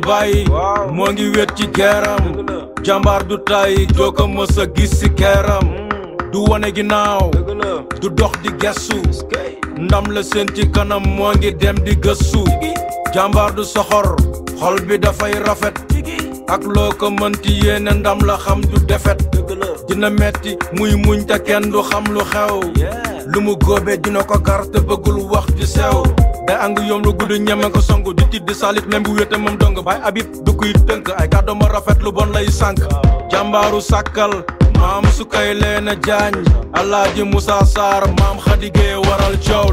du bàyyi moo ngi wét ci geeram jàmbaar du tàyyi doo ko mës gis si keeram mm. du wone ginnaaw du dox di gestu ndam la seen ci kanam moo ngi dem di gëstu jàmbaar du soxor xol bi dafay rafet ak loo ko mënti yéene ndam la xam du defet dina metti muy muñ te kenn du xam lu xew lu mu góobee dina ko gar te bëggul wax ju sew day angu yoom lu gudd ñeme ko songu di tiit di salit même bu wéete moom dong bay abib du kuy tënk ay kàddoom a rafet lu bon lay sànk jàmbaaru sàkkal maam su kay leena jaañ alaaji Moussa Sarr maam xadigee waral coow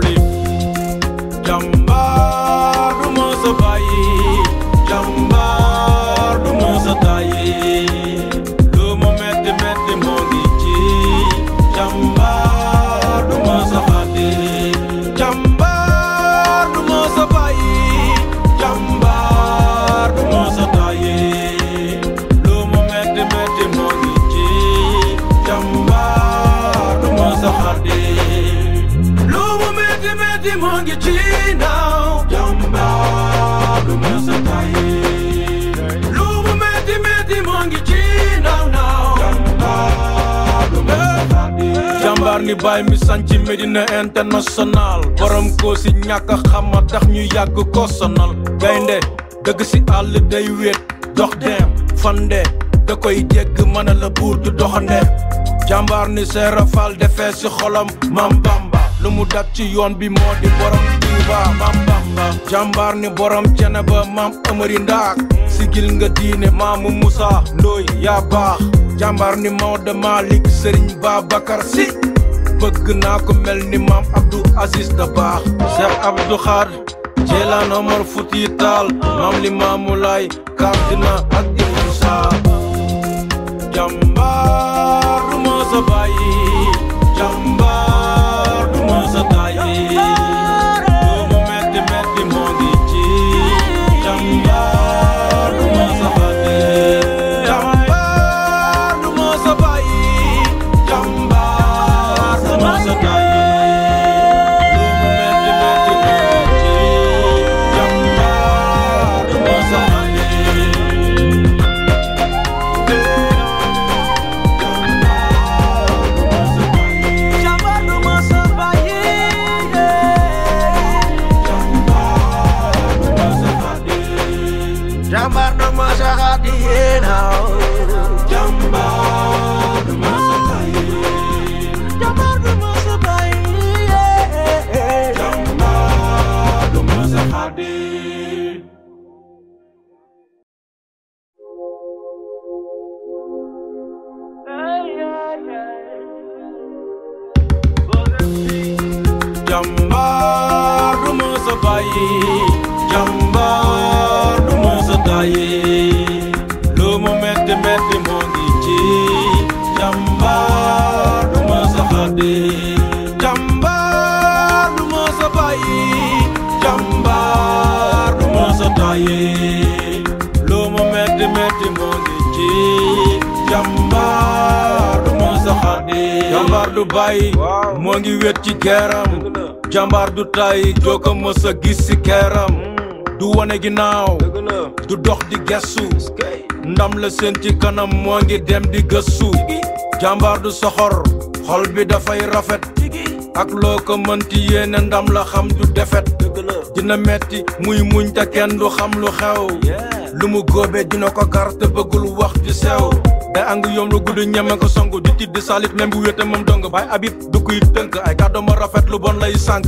di baay mi sanc Médina international borom koo si ñàkk a xama tax ñu yàgg ko sonal gaynde dëgg si àll day wéet dox deem fande da koy jégg mën a la buur du doxande jàmbaar ni seera fal defee si xolam maam Bamba lu mu dab ci yoon bi moo di borom Tuuba maam Bamba jàmbaar ni borom cene ba maam Amari Ndaak sigil nga diine maamu musa Ndoy yaa baax jàmbaar ni Maodo Malick Serigne Babacar Sy bëgg naa ko mel ni maam Abdou Aziz da baax Cheikh Abdou Khar nomor Omar Futi Taal maam li maamu laay Kardina ak Ibn jàmbaar jàmbaar du ma sa bàyyi jàmbaar du ma sa tàyyi lu mu metti metti moo du ma sa xaddi du ma sa bàyyi du ma sa tàyyi lu mu metti metti moo du ma sa xaddi du bàyyi moo ngi wét jàmbaar du tay doo ko mës gis si keeram mm. du wane ginnaaw du dox di gestu ndam la seen ci kanam moo ngi dem di gëstu jàmbaar du soxor xol bi dafay rafet ak loo ko mënti yéene ndam la xam du defet dina metti muy muñ te kenn du xam lu xew lu mu góobee dina ko gar te bëggul wax ju sew day angu yoom lu gudd ñeme ko songu di tiit di salit même bu wéete moom dong bay abib du kuy tënk ay kàddoom a rafet lu bon lay sànk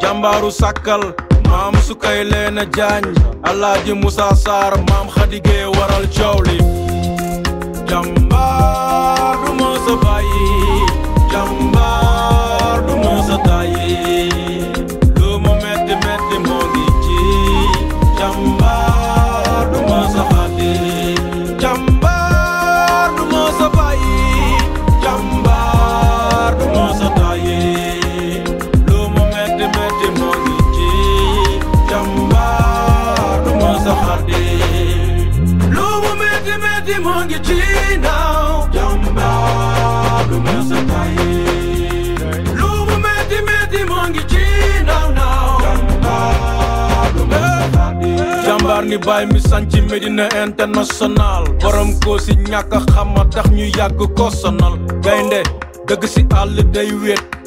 jàmbaaru sàkkal maam su leena jaañ alaaji Moussa Sarr maam xadigee waral coow li jàmbaar du ma sa bàyyi jàmbaar du ma sa tàyyi Limon gecina Yamba Começa a cair Lumo mete, mete, mangue gina now Yamba Começa a cair ni bay mi sanc Médina international borom ko si ñàkk a xama tax ñu yàgg ko sonal gaynde dëgg si àll day wéet